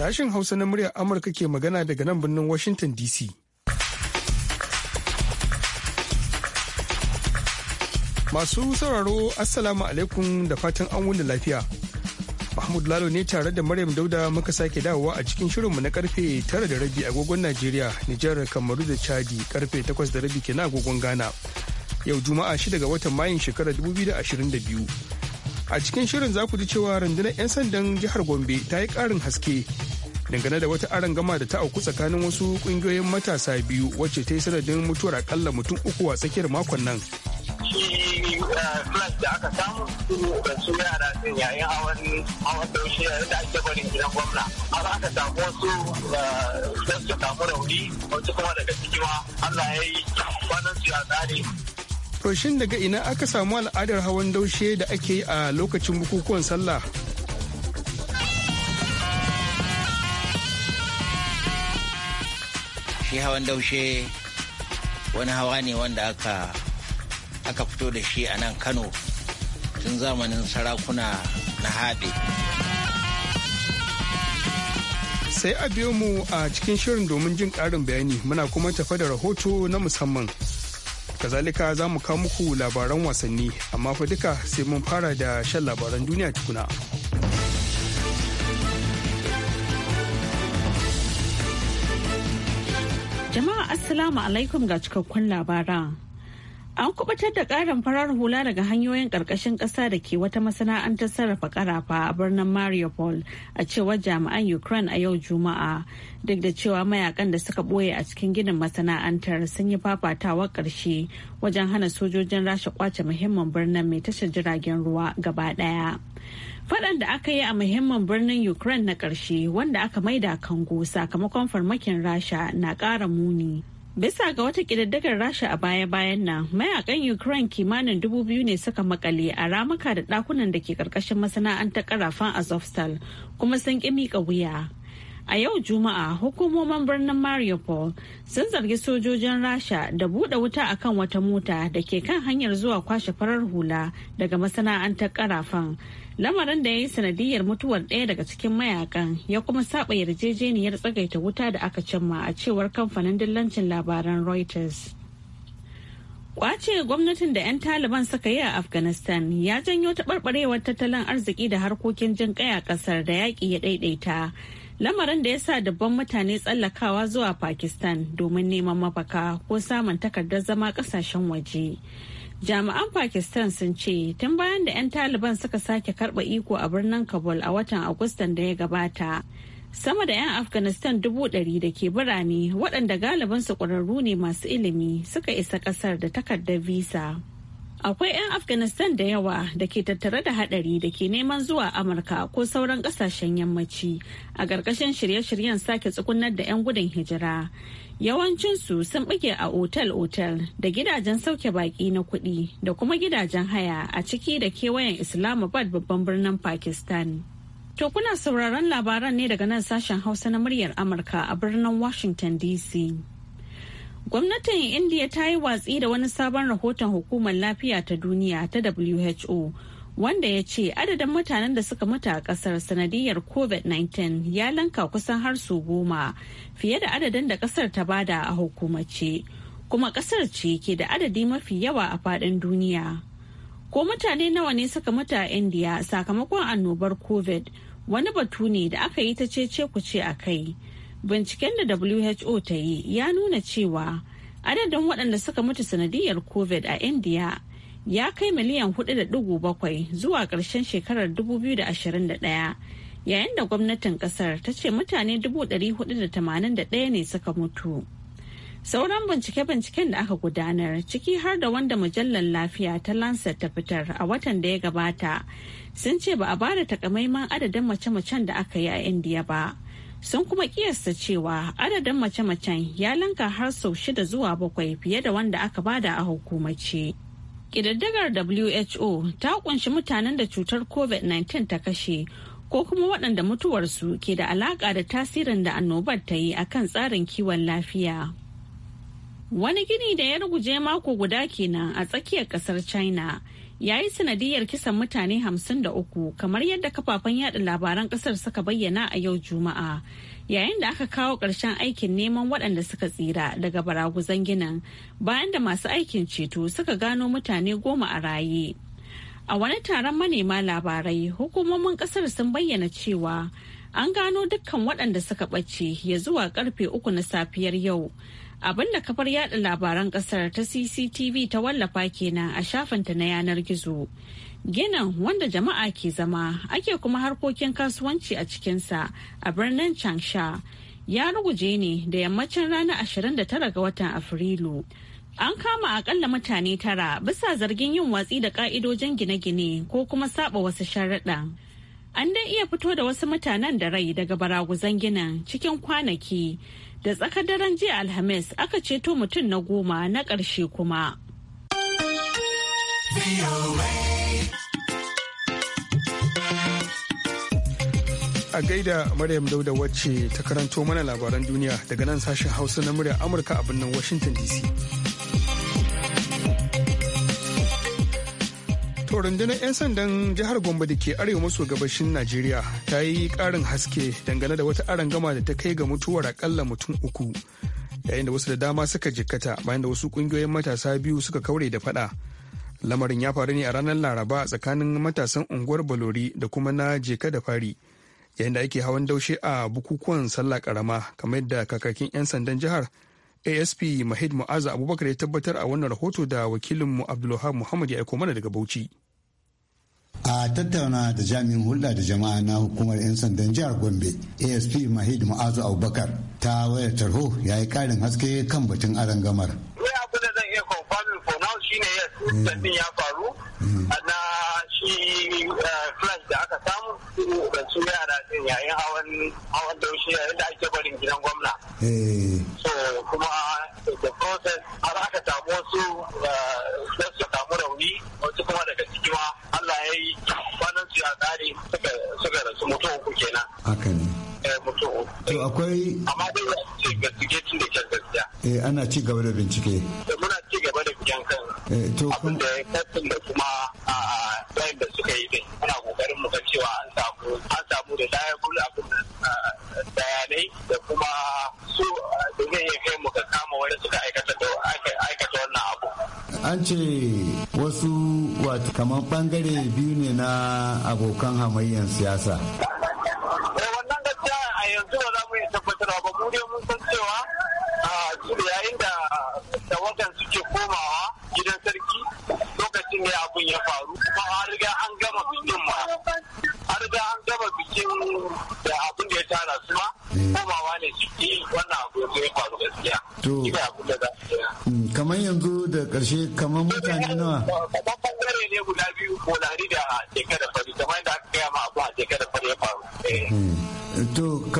Sashen Hausa na muryar Amurka ke magana daga nan birnin Washington DC. Masu sauraro Assalamu alaikum da fatan an wuni lafiya. Mahmud Lalo ne tare da Maryam Dauda muka sake dawowa a cikin shirinmu na karfe tara da rabi agogon Najeriya, Nijar, Kamaru da Chadi karfe takwas da rabi kenan agogon Ghana. Yau Juma'a shida ga watan Mayun shekarar 2022. a cikin shirin za ku ji cewa rundunar 'yan sandan jihar gombe ta yi ƙarin haske dangane da wata gama da ta auku tsakanin wasu kungiyoyin matasa biyu wacce ta yi sanadin mutuwar akalla mutum uku a tsakiyar makon nan. flash da aka samu su yara sun yayin hawan hawan daushe da ake barin gidan gwamna har aka samu wasu da eh, suka samu rauni wasu kuma daga cikin Allah ya yi kwanan su ya tsare To daga ina aka samu al'adar hawan daushe da ake yi a lokacin bukukuwan sallah? Shi hawan daushe wani hawa ne wanda aka aka fito da shi a nan Kano tun zamanin sarakuna na haɗe. Sai a biyo mu a cikin shirin domin jin ƙarin bayani muna kuma tafa da rahoto na musamman. Kazalika za mu kawo muku labaran wasanni, amma fa duka sai mun fara da shan labaran duniya tukuna. Jama'a Assalamu alaikum ga cikakkun labara. An kuɓatar da ƙarin farar hula daga hanyoyin ƙarƙashin ƙasa da ke wata masana'antar sarrafa ƙarafa a birnin Mariupol a cewar jami'an Ukraine a yau Juma'a duk da cewa mayakan da suka ɓoye a cikin ginin masana'antar sun yi fafatawa ƙarshe wajen hana sojojin rasha kwace muhimmin birnin mai tashar jiragen ruwa gaba ɗaya. Faɗan da aka yi a muhimmin birnin Ukraine na ƙarshe wanda aka maida kango sakamakon farmakin rasha na ƙara muni. Bisa ga wata kididdigar Rasha a baya-bayan nan, mayakan Ukraine kimanin dubu biyu ne suka makale a ramuka da ɗakunan da ke ƙarƙashin masana'antar ƙarafan Azovstal kuma sun ƙi miƙa wuya. A yau Juma'a, hukumomin birnin Mariupol sun zargi sojojin Rasha da buɗe wuta akan wata mota da ke kan hanyar zuwa kwashe farar hula daga masana'antar ƙarafan lamarin da ya yi sanadiyar mutuwar ɗaya daga cikin mayakan ya kuma saba yarjejeniyar tsagaita wuta da aka cimma a cewar kamfanin dillancin labaran reuters kwace gwamnatin da 'yan taliban suka yi a afghanistan ya janyo taɓarɓarewar tattalin arziki da harkokin jin ƙaya ƙasar da yaƙi ya ɗaiɗaita lamarin da ya sa dabban mutane tsallakawa zuwa pakistan domin neman mafaka ko samun takardar zama ƙasashen waje jami'an pakistan sun ce tun bayan da 'yan taliban suka sake karba iko a birnin kabul a watan agustan da ya gabata sama da 'yan afghanistan dubu ɗari da ke birane waɗanda galibinsu ƙwararru ne masu ilimi suka isa ƙasar da takardar visa Akwai 'yan Afghanistan da yawa da ke tattare da hadari da ke neman zuwa Amurka ko sauran kasashen yammaci a ƙarƙashin shirye-shiryen sake tsukunar da 'yan gudun hijira. Yawancinsu sun buge a otal-otal da gidajen sauke baƙi na kuɗi da kuma gidajen haya a ciki da kewayen Islamabad babban birnin Pakistan. To kuna sauraron labaran ne daga nan sashen Hausa na muryar Amurka a birnin Washington DC. Gwamnatin India ta yi watsi da wani sabon rahoton hukumar lafiya ta duniya ta WHO wanda ya ce adadin mutanen da suka mutu a kasar sanadiyar COVID-19 ya lanka kusan har su goma fiye da adadin da kasar ta bada a hukumace. Kuma kasar ce ke da adadi mafi yawa a faɗin duniya. Ko mutane nawa ne suka mutu a India sakamakon annobar COVID wani batu ne da aka yi ta ce ku ce a kai. Binciken da WHO ta yi ya nuna cewa adadin waɗanda suka mutu sanadiyar COVID a India ya kai miliyan 4.7 zuwa ƙarshen shekarar 2021 yayin da gwamnatin ƙasar ta ce mutane 481 ne suka mutu. Sauran bincike-binciken da aka gudanar ciki har da wanda mujallar lafiya ta Lancet ta fitar a watan da ya gabata sun ce ba a bada takamaiman adadin mace-macen da aka yi a Indiya ba. sun kuma kiyasta cewa adadin mace-macen ya lanka har sau shida zuwa bakwai fiye da wanda aka bada a hukumace. Ƙididdigar WHO ta kunshi mutanen da cutar COVID-19 ta kashe ko kuma waɗanda mutuwarsu ke da alaƙa da tasirin da annobar ta yi akan tsarin kiwon lafiya. Wani gini da ya ruguje mako guda kenan a tsakiyar ƙasar China. ya yi sanadiyar kisan mutane 53 kamar yadda kafafen yada labaran kasar suka bayyana a yau juma'a yayin da aka kawo ƙarshen aikin neman waɗanda suka tsira daga baraguzan ginin bayan da masu aikin ceto suka gano mutane goma a raye a wani taron manema labarai hukumomin ƙasar sun bayyana cewa an gano dukkan waɗanda suka ɓace ya zuwa karfe uku na safiyar yau abinda kafar yada labaran kasar ta cctv ta wallafa kenan a shafin ta na yanar gizo ginin wanda jama'a ke zama ake kuma harkokin kasuwanci a cikinsa a birnin changsha ya ruguje ne da yammacin ranar 29 ga watan afrilu an kama akalla mutane tara bisa zargin yin watsi da ka'idojin gine-gine ko kuma saba wasu sharaɗa an dai iya fito da wasu mutanen da rai daga baraguzan ginin cikin kwanaki da tsakar daren jiya alhamis aka ceto mutum na goma na ƙarshe kuma. a gaida Maryam Dauda wacce ta karanto mana labaran duniya daga nan sashen Hausa na murya Amurka a birnin Washington DC. wato rundunar 'yan sandan jihar Gombe da ke arewa maso gabashin Najeriya ta yi ƙarin haske dangane da wata arangama da ta kai ga mutuwar akalla mutum uku. Yayin da wasu da dama suka jikkata bayan da wasu ƙungiyoyin matasa biyu suka kaure da fada. Lamarin ya faru ne a ranar Laraba tsakanin matasan unguwar Balori da kuma na Jeka da Fari. Yayin da ake hawan daushe a bukukuwan sallah karama kamar yadda kakakin 'yan sandan jihar asp mahid mu'aza abubakar ya tabbatar a wannan rahoto da wakilinmu abdulwahab muhammad ya aiko mana daga bauchi a tattauna da jami'in hulɗa da jama'a na hukumar 'yan sandan jihar gombe asp mahid mu'azu abubakar ta wayar tarho ya yi ƙarin haske kan batun arangamar. gamar. ya zan iya confirming for now shine yes, mm. ya faru mm. na shi eh, flash da aka samu su yara din yayin hawan hawan daushe yayin da ake barin gidan gwamna eh. so kuma the process har aka samu wasu eh, su samu rauni wasu kuma daga ciki ma Allah ya yi kwanan su ya tsari suka rasu mutum uku kenan haka ne mutum to akwai amma dai ce gaske tun da kyan gaskiya eh ana ci gaba da bincike muna ci gaba da bincike abin da ya da kuma kamar bangare biyu ne na abokan hamayyan siyasa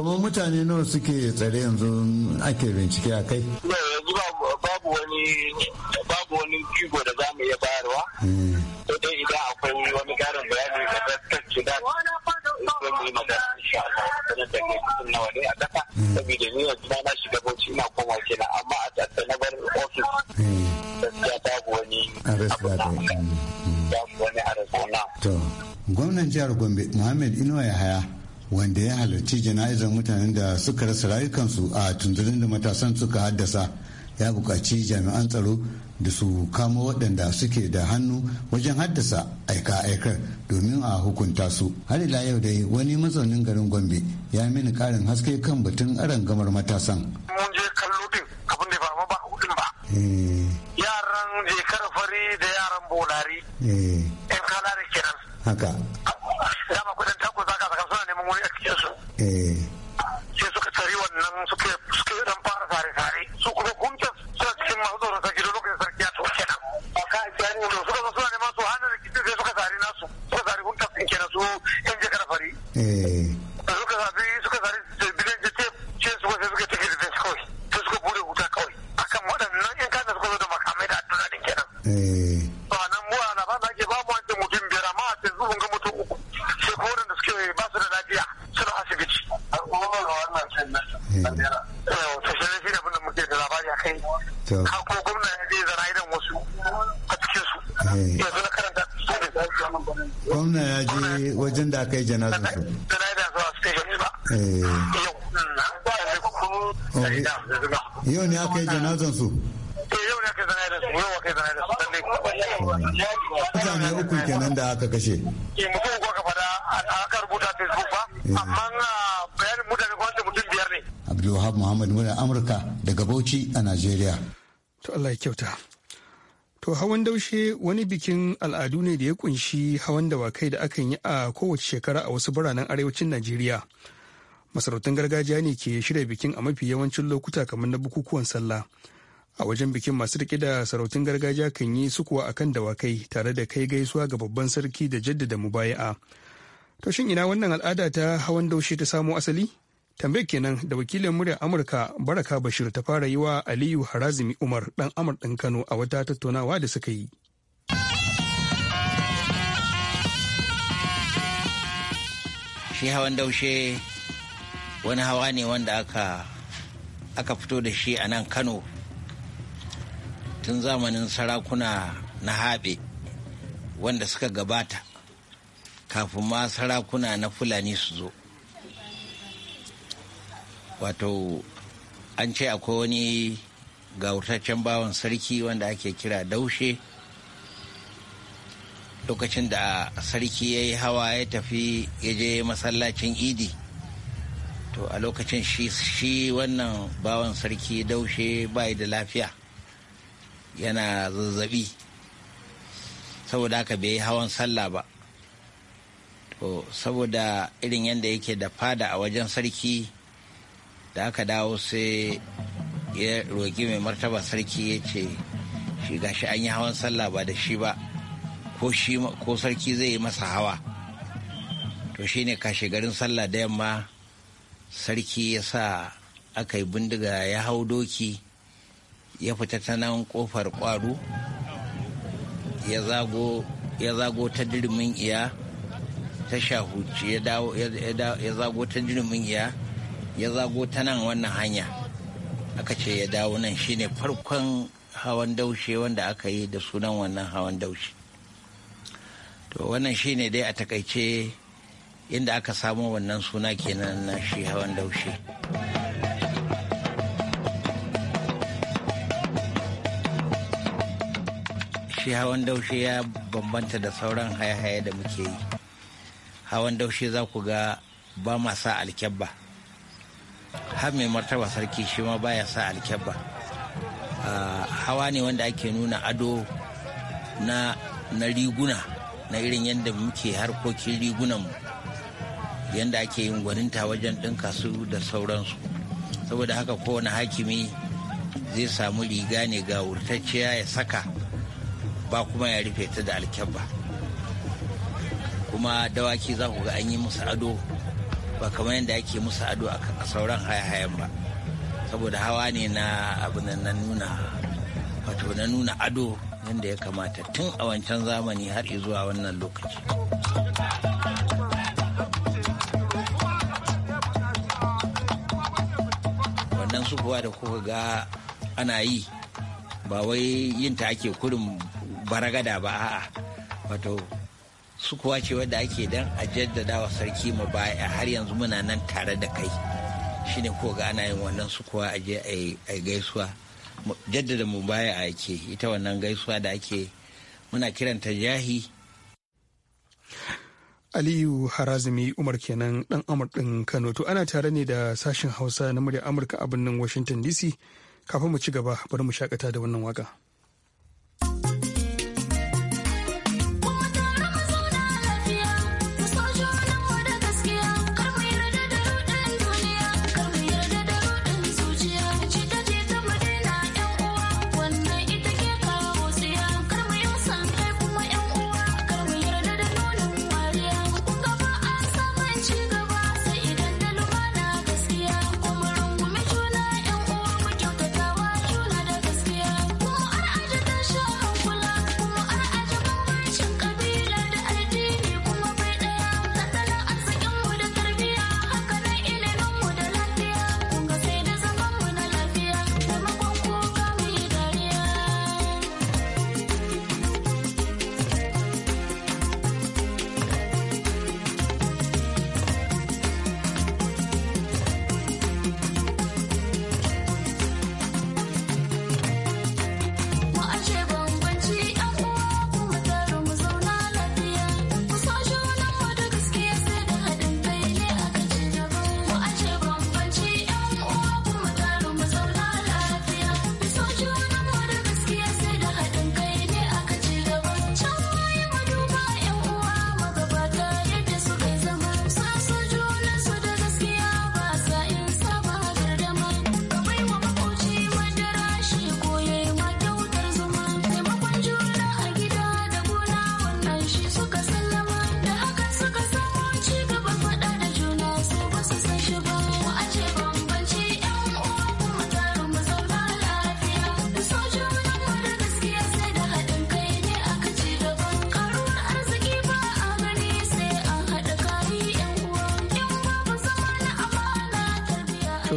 kamar mutane nawa suke tsare yanzu ake bincike a kai yanzu babu wani babu wani kigo da za mu iya bayarwa ko hmm. dai idan akwai wani karin bayani da gaskance da zan yi magana insha Allah sanar da kai mutum nawa ne a kasa hmm. saboda ni yanzu ma na shiga bauchi ina koma kenan amma a tsatsa na bar ofis hmm. gaskiya babu wani abu na babu wani arasona. Gwamnan jihar Gombe Muhammad Inuwa haya? wanda ya halarci jana'izar mutanen da suka rasa rayukansu a tunzurin da matasan suka haddasa ya buƙaci jami'an tsaro da su kama waɗanda suke da hannu wajen haddasa aika-aikar domin a hukunta su har ila yau dai wani mazaunin garin gombe ya mini ƙarin haske kan batun gamar matasan mun je kallo din abin da ba ba ba eh. yaran jekar fari da yaran bolari in eh. kala da kenan haka kudin muy ansioso. Eh, Eh, su mm. mutane uku kenan da aka kashe eh, mutum muhammad muna amurka daga bauchi a Najeriya. to allah ya kyauta to hawan daushe wani bikin al'adu ne da ya kunshi hawan dawakai da akan yi a kowace shekara a wasu biranen arewacin najeriya masarautun gargajiya ne ke shirya bikin a mafi yawancin lokuta kamar na bukukuwan sallah a wajen bikin masu rike da sarautun gargajiya kan yi sukuwa akan dawakai tare da kai gaisuwa ga babban sarki da jaddada mubaya'a to shin ina wannan al'ada ta hawan daushe ta samo asali tambayar kenan da wakilin muryar amurka baraka bashir ta fara yi wa aliyu harazimi umar dan amur ɗan kano a wata tattaunawa da suka yi shi hawan daushe wani hawa ne wanda aka fito da shi a nan kano tun zamanin sarakuna na haɓe wanda suka gabata kafin ma sarakuna na fulani su zo wato an ce akwai wani gautaccen bawan sarki wanda ake kira daushe lokacin da sarki ya yi hawa ya tafi ya je masallacin idi to a lokacin shi wannan bawan sarki daushe bai da lafiya yana zazzabi saboda haka bai yi hawan sallah ba to saboda irin yadda yake da fada a wajen sarki da aka dawo sai ya roƙi mai martaba sarki ya ce shi gashi an yi hawan sallah ba da shi ba ko sarki zai yi masa hawa to shine kashe garin sallah da yamma sarki ya sa aka yi bindiga ya hau doki ya fita ta nan kofar kwaru ya zago ta dirimin iya ta shahuci ya zago ta dirimin iya ya zago ta nan wannan hanya aka ce ya dawo nan shine farkon hawan daushe wanda aka yi da sunan wannan hawan daushe to wannan shine dai a takaice inda aka samo wannan suna kenan na shi hawan daushe. shi hawan daushe ya bambanta da sauran haya-haya da muke yi hawan daushe za ku ga ba ma sa alkyabba har mai martaba sarki shi ma baya sa alkyabba ah, hawa ne wanda ake nuna ado na riguna na irin yadda muke harkokin rigunanmu yadda ake yin gwaninta wajen ɗinka su da sauransu saboda haka kowane hakimi zai samu riga ne ga wurtacciya ya saka ba kuma ya rufe ta da ba kuma dawaki za ku ga an yi musu ado ba kamar yadda ake musu ado a sauran hayayen ba saboda hawa ne na abu na nuna wato na nuna ado yadda ya kamata tun a wancan zamani har zuwa wannan lokaci wannan sukuwa da kuka ga ana yi ba wai yinta ake kurin baragada ba a'a wato kuwa ce wadda ake dan a jaddada wa sarki mu baya har yanzu muna nan tare da kai shine ko ga ana yin wannan su kuwa a je a gaisuwa jaddada mu baya ake ita wannan gaisuwa da ake muna kiranta jahi Aliyu Harazumi Umar kenan dan Amur Kano to ana tare ne da sashin Hausa na muryar Amurka a birnin Washington DC kafin mu ci gaba bari mu shakata da wannan waka.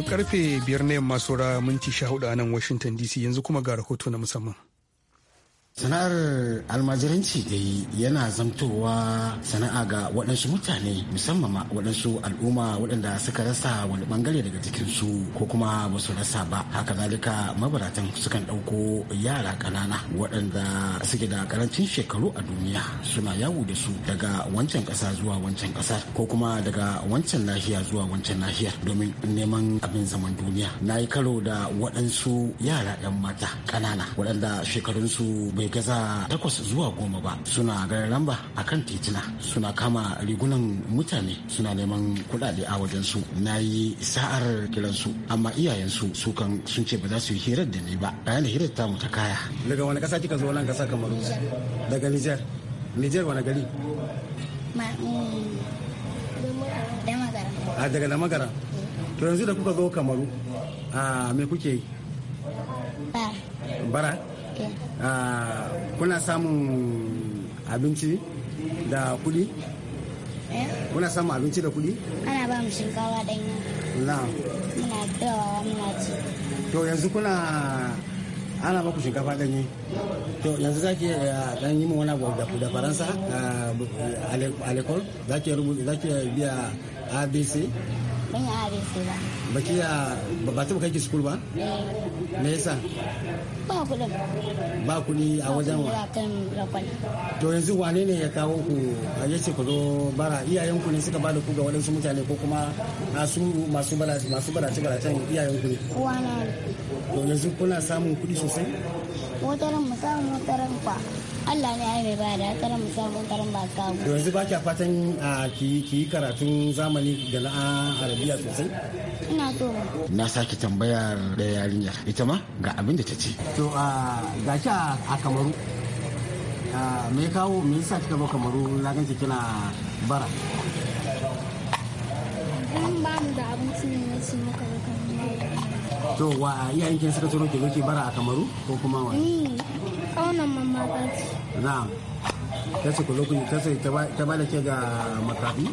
karfe biyar na yamma saura minti sha hudu a nan washington dc yanzu kuma ga rahoto na musamman sana'ar almajiranci dai yana zamtowa sana'a ga waɗansu mutane musamman ma waɗansu al'umma waɗanda suka rasa wani bangare daga jikinsu ko kuma basu rasa ba haka zalika mabaratan sukan ɗauko yara ƙanana waɗanda suke da karancin shekaru a duniya suna yawo da su daga wancan ƙasa zuwa wancan ƙasar ko kuma daga wancan nahiya zuwa wancan nahiyar domin neman abin zaman duniya na yi karo da waɗansu yara 'yan mata ƙanana waɗanda shekarunsu bai gaza takwas zuwa goma ba suna garin lamba a kan titina suna kama rigunan mutane suna neman kudade a wajensu na yi sa'ar kiransu amma iyayensu su kan sun ce ba za su yi hirar da ni ba bayan hirar ta mu ta kaya daga wani kasa kika zo nan kasa kamaru daga nijar nijar wani gari mm, a daga da magara to yanzu da kuka zo kamaru a me kuke yi. bara Ah, kuna samun abinci da kuɗi? Eh? kuna samun abinci da kuɗi? ana ba mu shinkawa ɗanya na muna dawa muna ci to yanzu kuna ana baku shinkafa ɗanye to yanzu za ki ɗan eh, yi wani abu da faransa a ah, eh, lekol za ki biya abc ban yi abc ba baki ya ba ta kai ki school ba eh. me yasa ba kudin ba kudi a wajen wa to yanzu wane ne ya kawo ku a yace ku zo bara iyayen ku ne suka bada ku ga waɗansu mutane ko kuma masu masu balaci masu balaci can iyayen ku ne to yanzu kuna samun kudi sosai wataran mu samu wataran kwa Allah ne ai mai bada karan mu samu karin ba kawo yanzu ba kya fatan ki yi karatun zamani da na arabiya sosai ina so na sake tambayar da yarinya ita ma ga abin da ta ce to ga gashi a kamaru me kawo me yasa kika zo kamaru na ganci kina bara in ba mu da abincin ne na ci muka zo kamaru to wa iyayen kin suka tsoro ki zo bara a kamaru ko kuma wa ni kaunan mamma ba ce na'am ta ce ku lokacin ta ta ba da ke ga makafi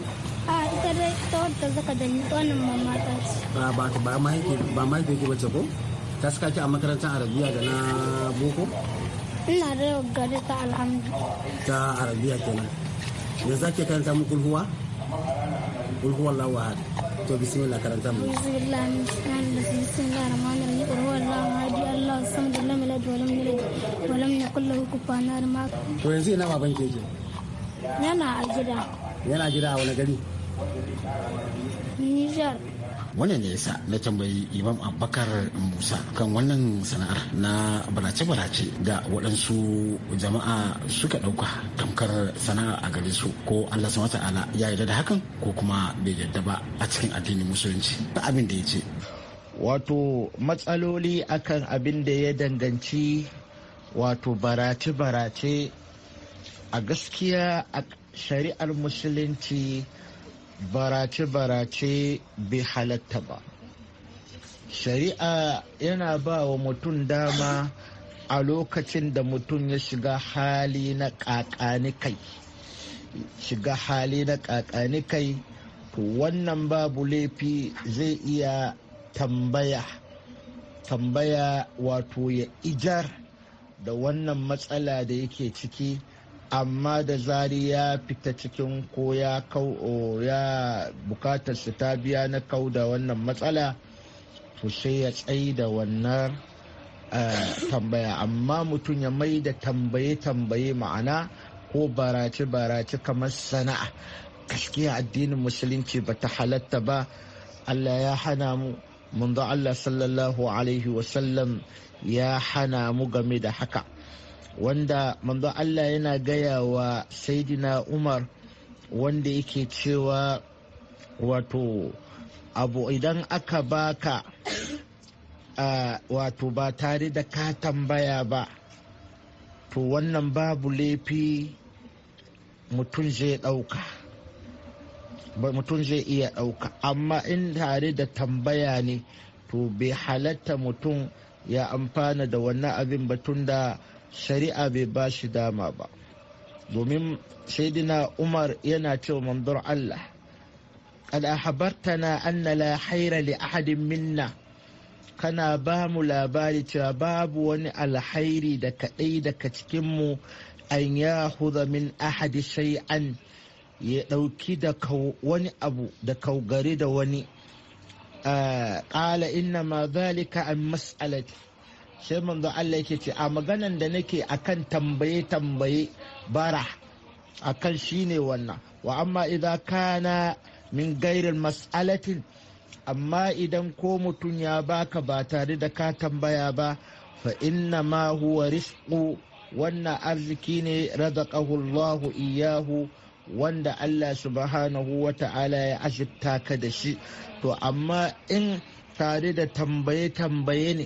a ita dai ta wadda zaka da ni kaunan mamma ta ce ba ba ba mahaifi ba mahaifi ke bace ko ta saka ki a makarantar arabiya da na boko ina da yau gari ta alhamdu ta arabiya kenan yanzu ake karanta mu kulhuwa kulhuwa lawa to bismillah karanta mu to yanzu ina yana a gida yana gida a wani gari Nijar. wannan ne yasa na tambayi imam abubakar musa kan wannan sana'ar na barace-barace da waɗansu jama'a suka ɗauka tamkar sana'ar a gare su ko allah subhanahu ta'ala ya yarda da hakan ko kuma bai yarda ba a cikin addinin musulunci ba abin da ya ce wato matsaloli akan abin da ya danganci wato barace-barace a gaskiya a shari'ar musulunci barace-barace bai halatta ba shari'a yana ba wa mutum dama a lokacin da mutum ya shiga hali na kakani kai shiga hali na kakani kai to wannan babu laifi zai iya tambaya tambaya wato ya ijar da wannan matsala da yake ciki amma da zari ya fita cikin ko ya kau ya bukatar su ta biya na kau da wannan matsala to sai ya tsayi da wannan eh, tambaya amma mutum ya mai da tambaye-tambaye ma'ana ko barace-barace kamar sana'a gaskiya addinin musulunci ba ta halatta ba allah ya hana mu mun Allah sallallahu alaihi wasallam ya hana mu game da haka wanda manzo Allah yana gaya wa Saidina Umar wanda yake cewa wato abu idan aka baka uh, wato ba tare da ka tambaya ba to wannan babu laifi mutum zai ɗauka mutum zai iya ɗauka amma in tare da tambaya ne to bai halatta mutum ya amfana da wannan abin batun da shari'a bai ba shi dama ba domin shaidina umar yana cewa manzon allah kada habartana anna la haira li ahadin minna kana ba mu labari cewa babu wani alhairi da kaɗai daga cikinmu an ya huza min ahadi shay'an ya ɗauki da wani abu da kaugari da wani ƙala ah, inna ma zalika an mas'alati sai manzo Allah yake ce a maganan da nake akan tambaye tambaye bara akan shine wannan wa amma idan kana min gairin mas'alatin amma idan ko mutum ya baka ba tare da ka tambaya ba fa inna ma huwa rizqu wannan arziki ne razaqahu Allahu iyahu wanda Allah subhanahu wa ta'ala ya azurta ka da shi to amma in tare da tambaye-tambaye ne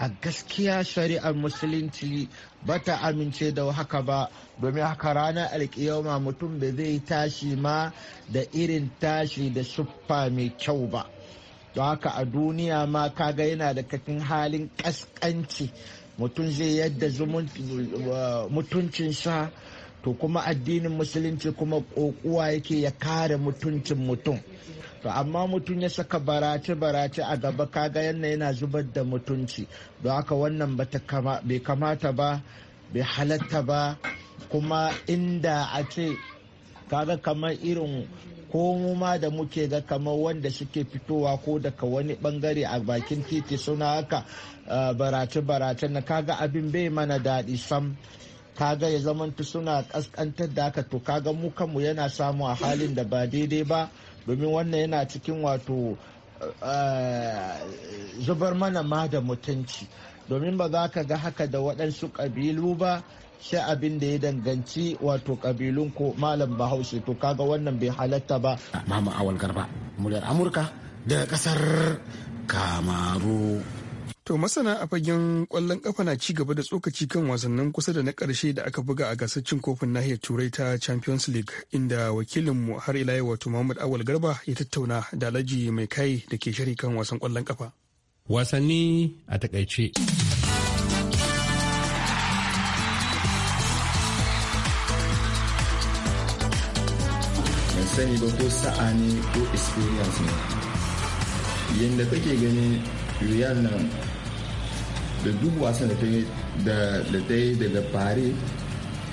a gaskiya shari'ar musulunci ba ta amince da haka ba domin haka ranar alkiyama mutum da zai tashi ma da irin tashi da siffa mai kyau ba don haka a duniya ma kaga yana da kakin halin kaskanci mutum zai yadda sa to kuma addinin musulunci kuma kokuwa yake ya kare mutuncin mutum to amma mutum ya saka barace barace a gaba kaga yana yana zubar da mutunci don haka wannan bai kamata ba bai halatta ba kuma inda a ce kaga kamar irin ko ma da muke ga kamar wanda suke fitowa ko daga wani bangare a bakin titi suna haka eh, barace-barace na kaga abin bai mana daɗi sam kaga ya zamantu suna kaskantar da haka to kaga mu kanmu yana samu a halin da ba daidai ba domin wannan yana cikin wato eh, zubar mana ma da mutunci domin ba za ka ga haka da waɗansu ƙabilu ba sai abin da ya danganci wato ƙabilun ko malam bahaushe to kaga wannan bai halatta ba. Mama Awal Garba, muryar Amurka daga ƙasar Kamaru. To masana a fagen kwallon kafa na ci gaba da tsokaci kan wasannin kusa da na karshe da aka buga a gasar cin kofin nahiyar turai ta Champions League inda wakilinmu har ila yau wato Muhammad Awal Garba ya tattauna da Alhaji mai kai da ke shiri kan wasan kwallon kafa. Wasanni a takaice. Ban sani ba ko sa'a ne ko experience ne. Yadda kake ganin Real nan da duk wasan da ta yi daga bare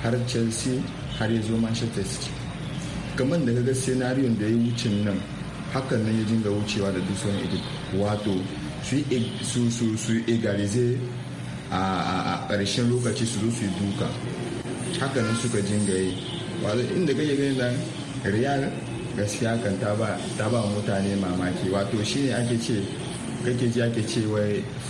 har chelsea har ya zo manchester city kamar da ga senariyon da ya wuce nan hakan nan ya dinga wucewa da duk sauran wato su yi e, egalize a ƙarshen lokaci su zo su yi duka hakan nan suka dinga yi wato inda yi gani nan real gaskiya kan ta ba mutane mamaki wato shine ake ce kake ji ake cewa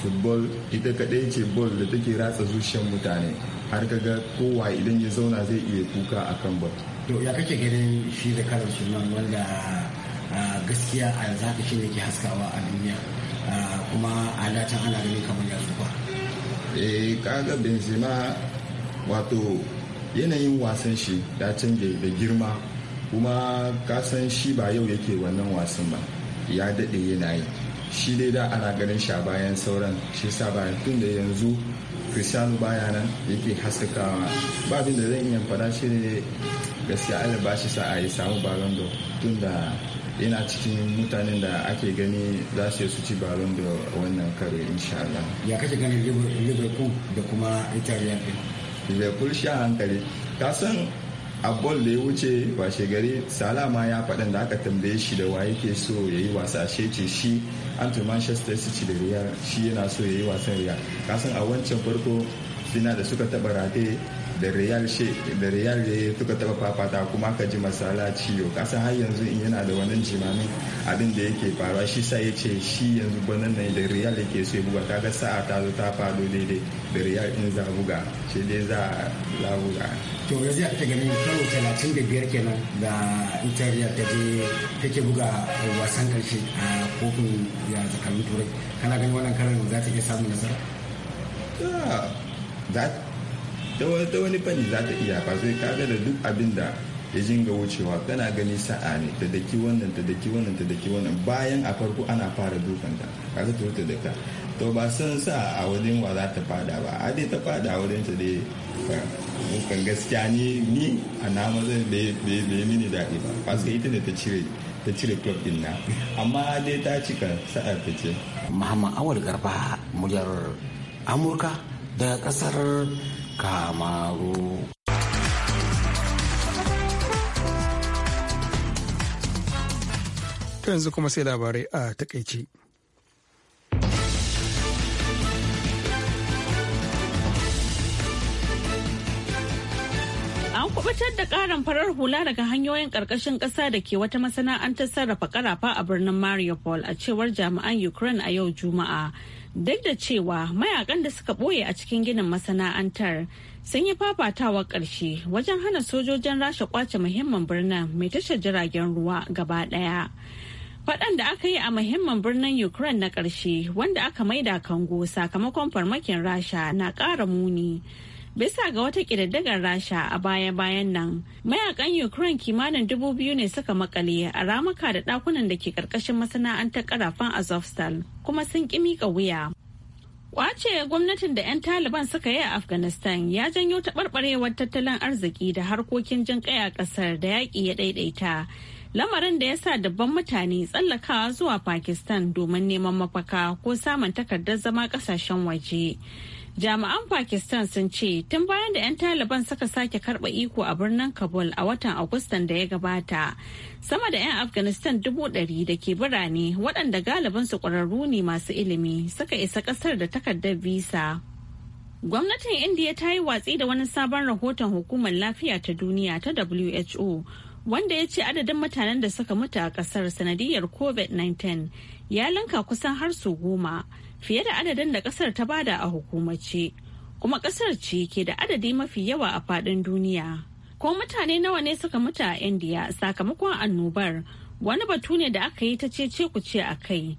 football ita kadai ce ball da take ratsa zuciyar mutane har kaga kowa idan ya zauna zai iya kuka kan ball to ya kake ganin shi da karin sunan wanda gaskiya a zaɓi shi ne ke haskawa a duniya kuma a dacin ana ganin kamar ya ba. eh kaga benzema wato yanayin wasan shi ya canje da girma kuma kasan shi ba yau yake wannan wasan ba ya daɗe yana yi shi dai da ana ganin shi a bayan sauran shi sa bayan tun da yanzu cristiano baya nan yake haskakawa ba da zan iya fada shi ne gaskiya albashi sa a yi samu balon da tun da yana cikin mutanen da ake gani za su su ci balon da wannan karo insha Allah. ya kake ganin liverpool da kuma italian din liverpool shi a hankali ka san a bol da ya wuce washe gari salama ya faɗin da aka tambaye shi da wa yake so ya yi wasa shi ce shi anthony manchester city da riyar shi yana so ya yi wasan riyar kasan a wancan farko fina da suka taɓa rataye da real she da real da tuka taba fafata kuma ka ji masala ciyo kasan har yanzu in yana da wannan jimamin abin da yake faruwa shi sa ya ce shi yanzu gwanan nan da real yake so ya buga ta ga sa'a ta zo ta fado daidai da real in za buga shi dai za a buga to yanzu ta ganin kawo talatin da biyar kenan da ita ta je take buga wasan karshe a kofin ya zakarun turai kana ganin wannan karin za ta iya samun nasara ah, ta wani fanni za ta iya ba sai ka ga da duk abin da ya jinga wucewa kana gani sa'a ne ta daki wannan ta daki wannan ta daki wannan bayan a farko ana fara dukan ta kaga ta wuce daka to ba san sa a wajen wa za ta fada ba a dai ta fada a wajen ta dai dukan gaskiya ni ni a nama zai bai mini daɗi ba ba sai ita ne ta cire ta cire club din na amma dai ta cika sa'ar ta ce Muhammad Awal Garba muryar Amurka da kasar kamaru yanzu kuma sai labarai a takaici an kubutar da karin farar hula daga hanyoyin karkashin kasa da ke wata masana'antar sarrafa karafa a birnin mariupol a cewar jami'an ukraine a yau juma'a duk da cewa mayakan da suka ɓoye a cikin ginin masana'antar sun yi fafatawa ƙarshe wajen hana sojojin rasha kwace muhimmin birnin mai tashar jiragen ruwa gaba ɗaya faɗan da aka yi a muhimmin birnin ukraine na ƙarshe wanda aka maida kango sakamakon farmakin rasha na ƙara muni Bisa ga wata kididdigar Rasha a baya-bayan nan, mayakan Ukraine kimanin dubu biyu ne suka makale a ramuka da dakunan da ke ƙarƙashin masana'antar karafan Azovstal kuma sun ƙi mika wuya. Kwace gwamnatin da 'yan Taliban suka yi a Afghanistan ya janyo taɓarɓarewar tattalin arziki da harkokin jin a ƙasar da yaƙi ya ɗaiɗaita. Lamarin da ya sa dabban mutane tsallakawa zuwa Pakistan domin neman mafaka ko samun takardar zama ƙasashen waje. Jami'an Pakistan sun ce tun bayan da 'yan Taliban suka sake karɓa iko a birnin Kabul a watan Agustan da ya gabata, sama da 'yan Afghanistan dubu ɗari da ke birane waɗanda galibinsu ƙwararru ne masu ilimi suka isa ƙasar da takardar visa Gwamnatin Indiya ta yi watsi da wani sabon rahoton hukumar lafiya ta duniya ta WHO wanda ya ce adadin mutanen da suka mutu a kasar sanadiyar COVID-19 ya linka kusan har su goma fiye da adadin da kasar ta bada a hukumace kuma kasar ce ke da adadi mafi yawa a fadin duniya ko mutane nawa ne suka mutu a india sakamakon annobar wani batu ne da aka yi ta cece ce a kai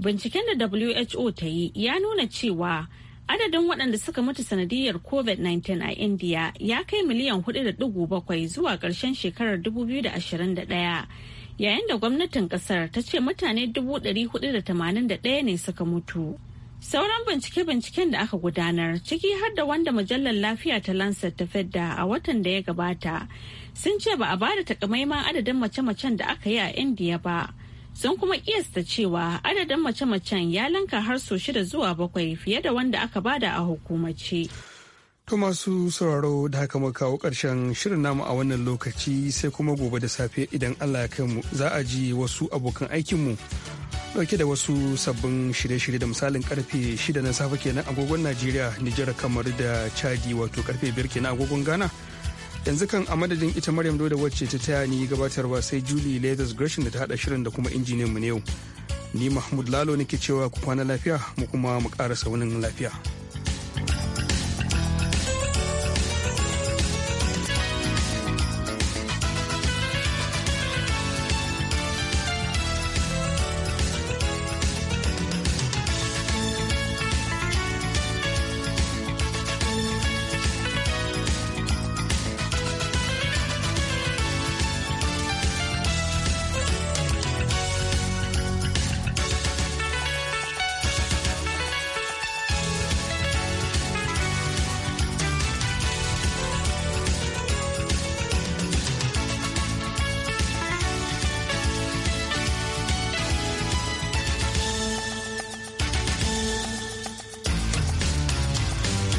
binciken da who ta yi ya nuna cewa adadin waɗanda suka mutu sanadiyar covid-19 a india ya kai miliyan 4.7 zuwa ƙarshen shekarar 2021 yayin da gwamnatin kasar ta ce mutane 481 ne suka mutu. Sauran bincike-binciken da aka gudanar ciki har da wanda mujallar lafiya ta Lancet ta fedda a watan da ya gabata sun ce ba a ba da takamaiman adadin mace-macen da aka yi a Indiya ba. Sun kuma kiyasta cewa adadin mace-macen ya lanka har so shida zuwa bakwai fiye da wanda aka bada a hukumace. To masu sauraro da haka muka kawo ƙarshen shirin namu a wannan lokaci sai kuma gobe da safe idan Allah ya kai mu za a ji wasu abokan aikinmu dauke da wasu sabbin shirye-shirye da misalin karfe 6 na safe kenan agogon Najeriya, Nijar kamar da Chadi wato karfe 5 kenan agogon Ghana. Yanzu kan a madadin ita Maryam Doda wacce ta taya ni gabatarwa sai Julie Leathers Gresham da ta hada shirin da kuma injiniyan mu ne yau Ni Mahmud Lalo nake cewa ku kwana lafiya mu kuma mu ƙara saunin lafiya.